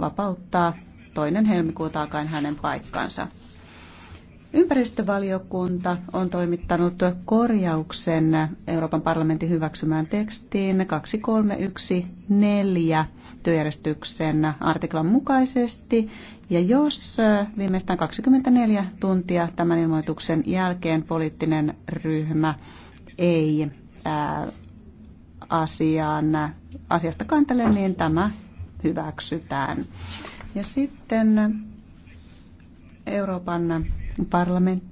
vapauttaa toinen helmikuuta alkaen hänen paikkansa. Ympäristövaliokunta on toimittanut korjauksen Euroopan parlamentin hyväksymään tekstiin 2314 työjärjestyksen artiklan mukaisesti. Ja jos viimeistään 24 tuntia tämän ilmoituksen jälkeen poliittinen ryhmä ei ää, asiaan, asiasta kantele, niin tämä hyväksytään. Ja sitten Euroopan parlamentti